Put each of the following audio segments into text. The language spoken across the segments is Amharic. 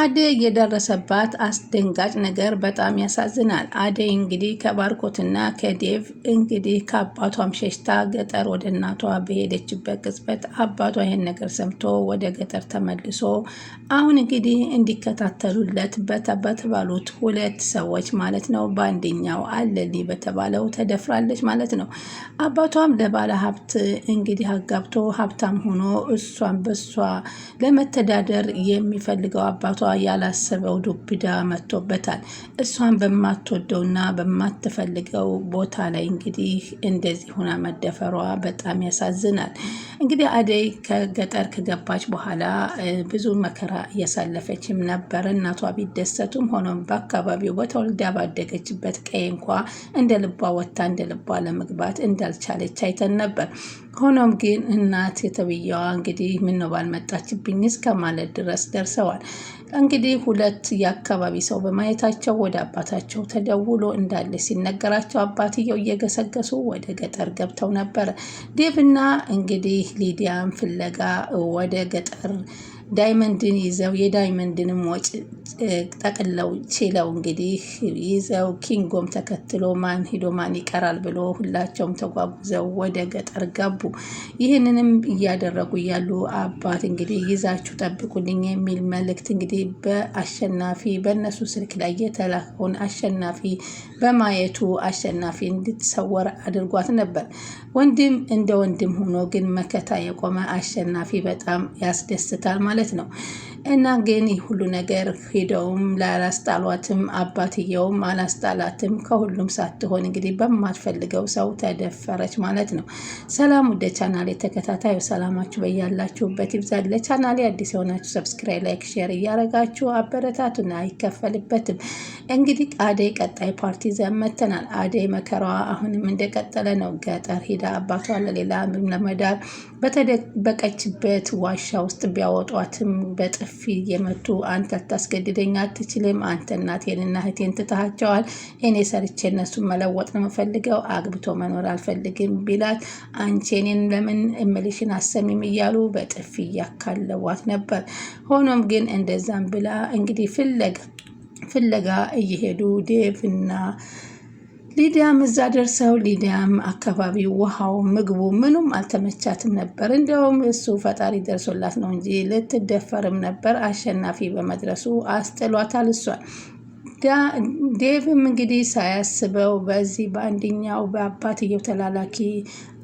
አደይ የደረሰባት አስደንጋጭ ነገር በጣም ያሳዝናል። አደይ እንግዲህ ከባርኮትና ከዴቭ እንግዲህ ከአባቷም ሸሽታ ገጠር ወደ እናቷ በሄደችበት ቅጽበት አባቷ ይህን ነገር ሰምቶ ወደ ገጠር ተመልሶ አሁን እንግዲህ እንዲከታተሉለት በተባሉት ሁለት ሰዎች ማለት ነው፣ በአንደኛው አለሊ በተባለው ተደፍራለች ማለት ነው። አባቷም ለባለ ሀብት እንግዲህ አጋብቶ ሀብታም ሆኖ እሷን በሷ ለመተዳደር የሚፈልገው አባቷ ያላሰበው ዱብዳ መጥቶበታል። እሷን በማትወደውና በማትፈልገው ቦታ ላይ እንግዲህ እንደዚህ ሁና መደፈሯ በጣም ያሳዝናል። እንግዲህ አደይ ከገጠር ከገባች በኋላ ብዙ መከራ እያሳለፈችም ነበር። እናቷ ቢደሰቱም ሆኖም በአካባቢው በተወልዳ ባደገችበት ቀይ እንኳ እንደ ልቧ ወታ እንደ ልቧ ለመግባት እንዳልቻለች አይተን ነበር። ሆኖም ግን እናት የተብያዋ እንግዲህ ነው ባልመጣችብኝ እስከ ማለት ድረስ ደርሰዋል። እንግዲህ ሁለት የአካባቢ ሰው በማየታቸው ወደ አባታቸው ተደውሎ እንዳለ ሲነገራቸው አባትየው እየገሰገሱ ወደ ገጠር ገብተው ነበረ። ዴቭና እንግዲህ ሊዲያን ፍለጋ ወደ ገጠር ዳይመንድን ይዘው የዳይመንድንም ወጪ ጠቅለው ችለው እንግዲህ ይዘው ኪንጎም ተከትሎ ማን ሂዶ ማን ይቀራል ብሎ ሁላቸውም ተጓጉዘው ወደ ገጠር ገቡ። ይህንንም እያደረጉ ያሉ አባት እንግዲህ ይዛችሁ ጠብቁልኝ የሚል መልእክት እንግዲህ በአሸናፊ በእነሱ ስልክ ላይ የተላከውን አሸናፊ በማየቱ አሸናፊ እንድትሰወር አድርጓት ነበር። ወንድም እንደ ወንድም ሆኖ ግን መከታ የቆመ አሸናፊ በጣም ያስደስታል ማለት ማለት ነው እና ግን ሁሉ ነገር ሄደውም ላላስጣሏትም አባትየውም አላስጣላትም። ከሁሉም ሳትሆን እንግዲህ በማትፈልገው ሰው ተደፈረች ማለት ነው። ሰላም ወደ ቻናሌ ተከታታዩ ሰላማችሁ በያላችሁበት ይብዛል። ለቻናሌ አዲስ የሆናችሁ ሰብስክራይብ፣ ላይክ፣ ሼር እያረጋችሁ አበረታቱን። አይከፈልበትም። እንግዲህ አደይ ቀጣይ ፓርቲ ዘመተናል። አደይ መከራዋ አሁንም እንደቀጠለ ነው። ገጠር ሂዳ አባቷ ለሌላ ለመዳር በተደበቀችበት ዋሻ ውስጥ ቢያወጧትም በጥፍ በጥፊ እየመቱ አንተ ልታስገድደኝ አትችልም። አንተ እናቴንና እህቴን ትታሃቸዋል። እኔ ሰርቼ እነሱን መለወጥ ነው የምፈልገው። አግብቶ መኖር አልፈልግም ቢላት አንቺ እኔን ለምን እምልሽን አሰሚም እያሉ በጥፊ እያካለዋት ነበር። ሆኖም ግን እንደዛም ብላ እንግዲህ ፍለጋ ፍለጋ እየሄዱ ዴቭ እና ሊዲያም እዛ ደርሰው ሊዲያም አካባቢ ውሃው፣ ምግቡ፣ ምኑም አልተመቻትም ነበር። እንዲያውም እሱ ፈጣሪ ደርሶላት ነው እንጂ ልትደፈርም ነበር። አሸናፊ በመድረሱ አስጥሏታል እሷን። ዴቭም እንግዲህ ሳያስበው በዚህ በአንደኛው በአባትየው ተላላኪ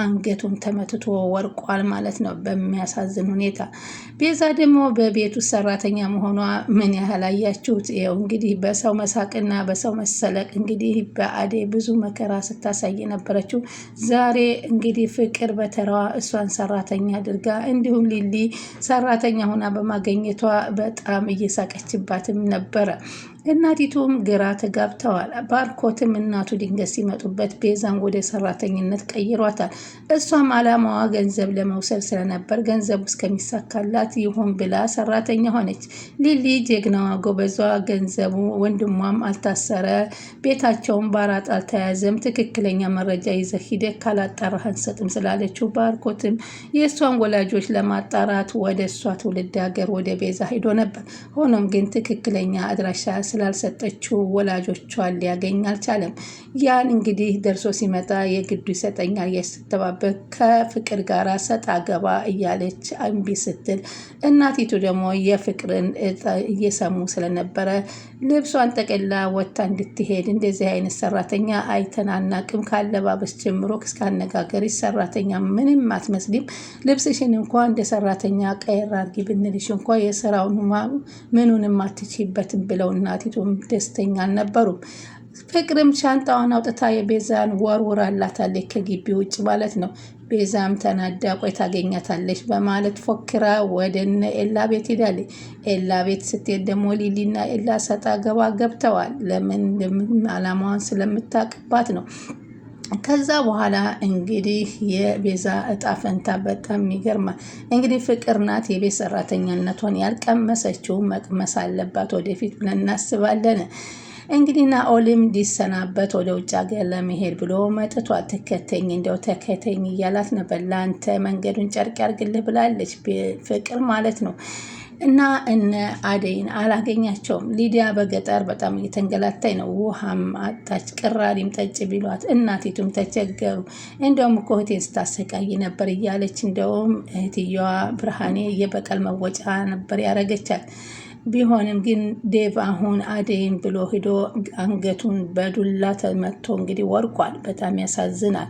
አንገቱን ተመትቶ ወርቋል ማለት ነው በሚያሳዝን ሁኔታ። ቤዛ ደግሞ በቤት ውስጥ ሰራተኛ መሆኗ ምን ያህል አያችሁት? ይኸው እንግዲህ በሰው መሳቅና በሰው መሰለቅ እንግዲህ በአዴ ብዙ መከራ ስታሳይ ነበረችው። ዛሬ እንግዲህ ፍቅር በተራዋ እሷን ሰራተኛ አድርጋ እንዲሁም ሊሊ ሰራተኛ ሆና በማገኘቷ በጣም እየሳቀችባትም ነበረ። እናቲቱም ግራ ተጋብተዋል። ባርኮትም እናቱ ድንገት ሲመጡበት ቤዛን ወደ ሰራተኝነት ቀይሯታል። እሷም አላማዋ ገንዘብ ለመውሰድ ስለነበር ገንዘቡ እስከሚሳካላት ይሁን ብላ ሰራተኛ ሆነች። ሊሊ ጀግናዋ፣ ጎበዟ፣ ገንዘቡ ወንድሟም አልታሰረ፣ ቤታቸውን በአራጣ አልተያዘም፣ ትክክለኛ መረጃ ይዘህ ሂደህ ካላጣራህ አንሰጥም ስላለችው ባርኮትም የእሷን ወላጆች ለማጣራት ወደ እሷ ትውልድ ሀገር ወደ ቤዛ ሂዶ ነበር። ሆኖም ግን ትክክለኛ አድራሻ ስላልሰጠችው ወላጆቿን ሊያገኝ አልቻለም። ያን እንግዲህ ደርሶ ሲመጣ የግዱ ይሰጠኛል ሳትተባበር ከፍቅር ጋር ሰጣ ገባ እያለች እምቢ ስትል እናቲቱ ደግሞ የፍቅርን እየሰሙ ስለነበረ ልብሷን ጠቅላ ወታ እንድትሄድ እንደዚህ አይነት ሰራተኛ አይተናናቅም። ካለባበስ ጀምሮ እስካነጋገርሽ ሰራተኛ ምንም አትመስሊም። ልብስሽን እንኳ እንደ ሰራተኛ ቀየር አድርጊ ብንልሽ እንኳ የስራውን ምኑንም አትችይበትም ብለው እናቲቱም ደስተኛ አልነበሩም። ፍቅርም ሻንጣዋን አውጥታ የቤዛን ወርውራላታለች፣ ከግቢ ውጭ ማለት ነው። ቤዛም ተናዳ ቆይ ታገኛታለች በማለት ፎክራ ወደነ ኤላ ቤት ሄዳለች። ኤላ ቤት ስትሄድ ደግሞ ሊሊና ኤላ ሰጣ ገባ ገብተዋል። ለምን ለምን አላማዋን ስለምታቅባት ነው። ከዛ በኋላ እንግዲህ የቤዛ እጣ ፈንታ በጣም ይገርማል። እንግዲህ ፍቅር ናት የቤት ሰራተኛነቷን ያልቀመሰችው መቅመስ አለባት ወደፊት ብለን እናስባለን። እንግዲህ ናኦልም ሊሰናበት ወደ ውጭ ሀገር ለመሄድ ብሎ መጥቷል። ትከተኝ እንደው ተከተኝ እያላት ነበር። ለአንተ መንገዱን ጨርቅ ያርግልህ ብላለች ፍቅር ማለት ነው። እና እነ አደይን አላገኛቸውም። ሊዲያ በገጠር በጣም እየተንገላታይ ነው። ውሃም አጣች፣ ቅራሪም ጠጭ ቢሏት እናቲቱም ተቸገሩ። እንደውም እኮ እህቴን ስታሰቃይ ነበር እያለች እንደውም እህትየዋ ብርሃኔ የበቀል መወጫ ነበር ያረገቻል። ቢሆንም ግን ዴቭ አሁን አደይን ብሎ ሂዶ አንገቱን በዱላ ተመቶ እንግዲህ ወርቋል። በጣም ያሳዝናል።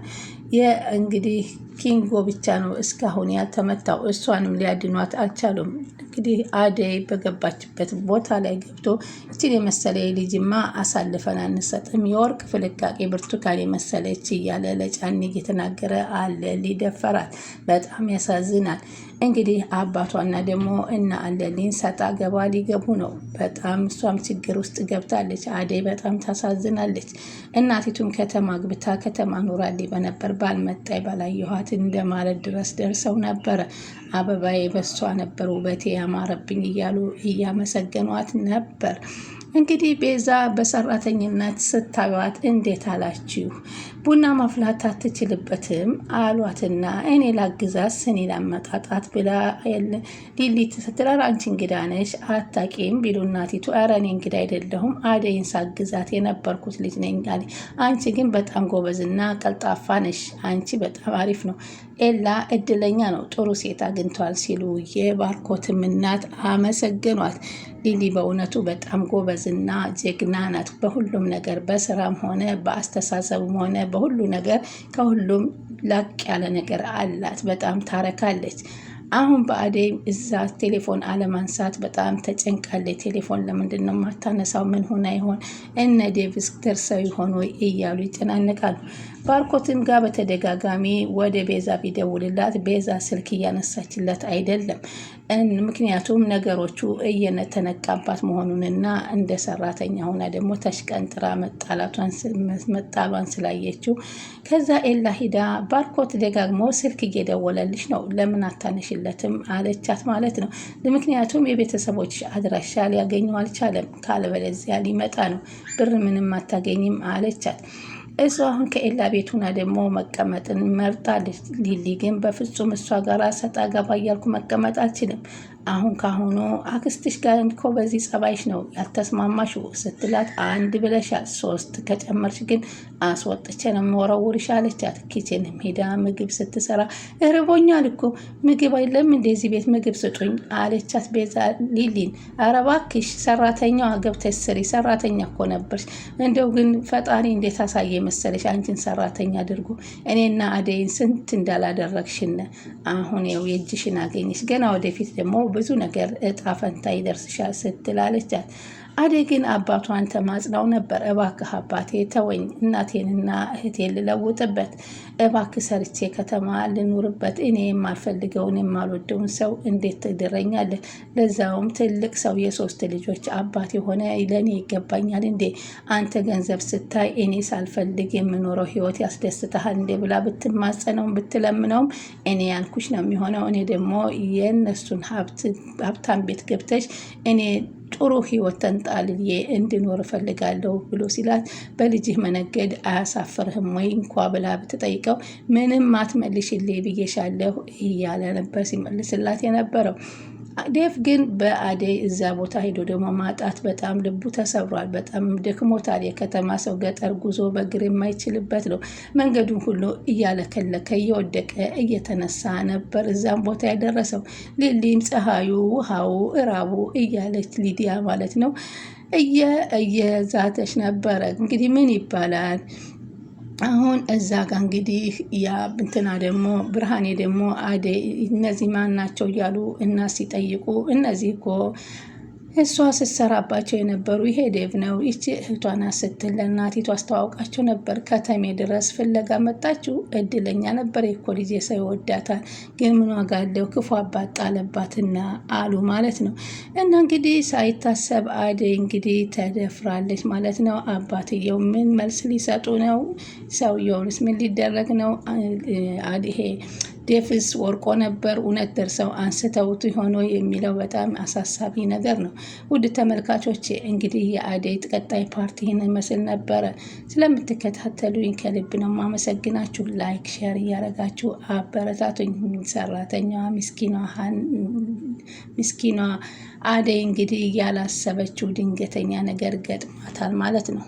የእንግዲህ ኪንጎ ብቻ ነው እስካሁን ያልተመታው። እሷንም ሊያድኗት አልቻሉም። እንግዲህ አደይ በገባችበት ቦታ ላይ ገብቶ እችን የመሰለ ልጅማ አሳልፈን አንሰጥም፣ የወርቅ ፍልቃቄ ብርቱካን የመሰለች እያለ ለጫኔ እየተናገረ አለ ሊደፈራት። በጣም ያሳዝናል። እንግዲህ አባቷና ደግሞ እና አለሊን ሰጣ ገባ ሊገቡ ነው። በጣም እሷም ችግር ውስጥ ገብታለች። አደይ በጣም ታሳዝናለች። እናቲቱም ከተማ ግብታ ከተማ ኑራሌ በነበር ባልመጣይ ባላየኋት እንደማለት ድረስ ደርሰው ነበረ። አበባዬ በሷ ነበር ውበቴ ያማረብኝ እያሉ እያመሰገኗት ነበር። እንግዲህ ቤዛ በሰራተኝነት ስታዩት እንዴት አላችሁ ቡና ማፍላት አትችልበትም አሏትና እኔ ላግዛት ስኒ ላመጣጣት ብላ ሊሊት ስትላል አንቺ እንግዳ ነሽ አታቂም ቢሉ እናቲቱ ኧረ እኔ እንግዳ አይደለሁም አደይን ሳግዛት የነበርኩት ልጅ ነኝ አንቺ ግን በጣም ጎበዝና ቀልጣፋ ነሽ አንቺ በጣም አሪፍ ነው ኤላ እድለኛ ነው ጥሩ ሴት አግኝቷል ሲሉ የባርኮትም እናት አመሰገኗት ሊሊ በእውነቱ በጣም ጎበዝና ጀግና ናት። በሁሉም ነገር በስራም ሆነ በአስተሳሰብም ሆነ በሁሉ ነገር ከሁሉም ላቅ ያለ ነገር አላት። በጣም ታረካለች። አሁን በአደይ እዛ ቴሌፎን አለማንሳት በጣም ተጨንቃለች። ቴሌፎን ለምንድን ነው ማታነሳው? ምን ሆና ይሆን? እነ ዴቪስ ደርሰው ይሆን ወይ እያሉ ይጨናነቃሉ። ባርኮትም ጋር በተደጋጋሚ ወደ ቤዛ ቢደውልላት ቤዛ ስልክ እያነሳችለት አይደለም። ምክንያቱም ነገሮቹ እየተነቃባት መሆኑንና እንደ ሰራተኛ ሆና ደግሞ ተሽቀንጥራ መጣሏን ስላየችው ከዛ ኤላ ሂዳ ባርኮት ደጋግሞ ስልክ እየደወለልሽ ነው ለምን አታነሽለትም አለቻት ማለት ነው። ምክንያቱም የቤተሰቦች አድራሻ ሊያገኘው አልቻለም፣ ካለበለዚያ ሊመጣ ነው፣ ብር ምንም አታገኝም አለቻት። እሷ አሁን ከኤላ ቤት ሆና ደግሞ መቀመጥን መርጣ ሊሊ ግን በፍጹም እሷ ጋር ሰጣ ገባ እያልኩ መቀመጥ አልችልም አሁን ካሁኑ አክስትሽ ጋር እኮ በዚህ ጸባይሽ ነው ያልተስማማሽ ስትላት፣ አንድ ብለሻል ሶስት ከጨመርሽ ግን አስወጥቼ ነው የምወረውርሽ አለቻት። ኪችንም ሄዳ ምግብ ስትሰራ እርቦኛል እኮ ምግብ አይለም እንደዚህ ቤት ምግብ ስጡኝ አለቻት። ቤዛ ሊሊን ኧረ እባክሽ ሰራተኛዋ ገብተሽ ስሪ ሰራተኛ እኮ ነበርሽ። እንደው ግን ፈጣሪ እንዴት አሳየ መሰለሽ አንቺን ሰራተኛ አድርጎ እኔና አደይን ስንት እንዳላደረግሽን። አሁን ያው የእጅሽን አገኘሽ ገና ወደፊት ደግሞ ብዙ ነገር እጣ ፈንታ ይደርስሻል ስትላለቻት አደይ ግን አባቷን ተማጽነው ነበር። እባክህ አባቴ ተወኝ፣ እናቴንና እህቴን ልለውጥበት፣ እባክህ ሰርቼ ከተማ ልኑርበት። እኔ የማልፈልገውን የማልወደውን ሰው እንዴት ትድረኛለህ? ለዛውም ትልቅ ሰው የሶስት ልጆች አባት የሆነ ለእኔ ይገባኛል እንዴ? አንተ ገንዘብ ስታይ እኔ ሳልፈልግ የምኖረው ህይወት ያስደስትሃል እንዴ? ብላ ብትማጸነውም ብትለምነውም እኔ ያልኩሽ ነው የሚሆነው። እኔ ደግሞ የእነሱን ሀብታም ቤት ገብተሽ እኔ ጥሩ ህይወት ተንጣልዬ እንድኖር እፈልጋለሁ ብሎ ሲላት በልጅህ መነገድ አያሳፍርህም ወይ እንኳ ብላ ብትጠይቀው ምንም አትመልሽልኝ ብዬሻለሁ እያለ ነበር ሲመልስላት የነበረው። ዴፍ ግን በአደይ እዛ ቦታ ሄዶ ደግሞ ማጣት በጣም ልቡ ተሰብሯል። በጣም ደክሞታል። የከተማ ሰው ገጠር ጉዞ በእግር የማይችልበት ነው። መንገዱን ሁሉ እያለከለከ እየወደቀ እየተነሳ ነበር እዛም ቦታ ያደረሰው። ሊሊም ፀሐዩ፣ ውሃው፣ እራቡ እያለች ሊዲያ ማለት ነው እየ እየዛተች ነበረ። እንግዲህ ምን ይባላል አሁን እዛ ጋ እንግዲህ ያ እንትና ደግሞ ብርሃኔ ደግሞ አደይ እነዚህ ማን ናቸው እያሉ እና ሲጠይቁ እነዚህ እኮ እሷ ስትሰራባቸው የነበሩ ይሄ ዴቭ ነው ይቺ እህቷና ስትል ለእናቲቱ አስተዋውቃቸው ነበር። ከተሜ ድረስ ፍለጋ መጣችው። እድለኛ ነበር የኮ ልጄ ሰው ይወዳታል፣ ግን ምን ዋጋ አለው ክፉ አባት ጣለባትና አሉ ማለት ነው። እና እንግዲህ ሳይታሰብ አደይ እንግዲህ ተደፍራለች ማለት ነው። አባትየው ምን መልስ ሊሰጡ ነው? ሰውየውንስ ምን ሊደረግ ነው? ይሄ ዴፍስ ወርቆ ነበር። እውነት ደርሰው አንስተውት ሆኖ የሚለው በጣም አሳሳቢ ነገር ነው። ውድ ተመልካቾች እንግዲህ የአደይ ቀጣይ ፓርቲ ይህን መስል ነበረ። ስለምትከታተሉኝ ከልብ ነው ማመሰግናችሁ። ላይክ፣ ሼር እያደረጋችሁ አበረታቱኝ። ሰራተኛዋ ምስኪኗ አደይ እንግዲህ ያላሰበችው ድንገተኛ ነገር ገጥማታል ማለት ነው።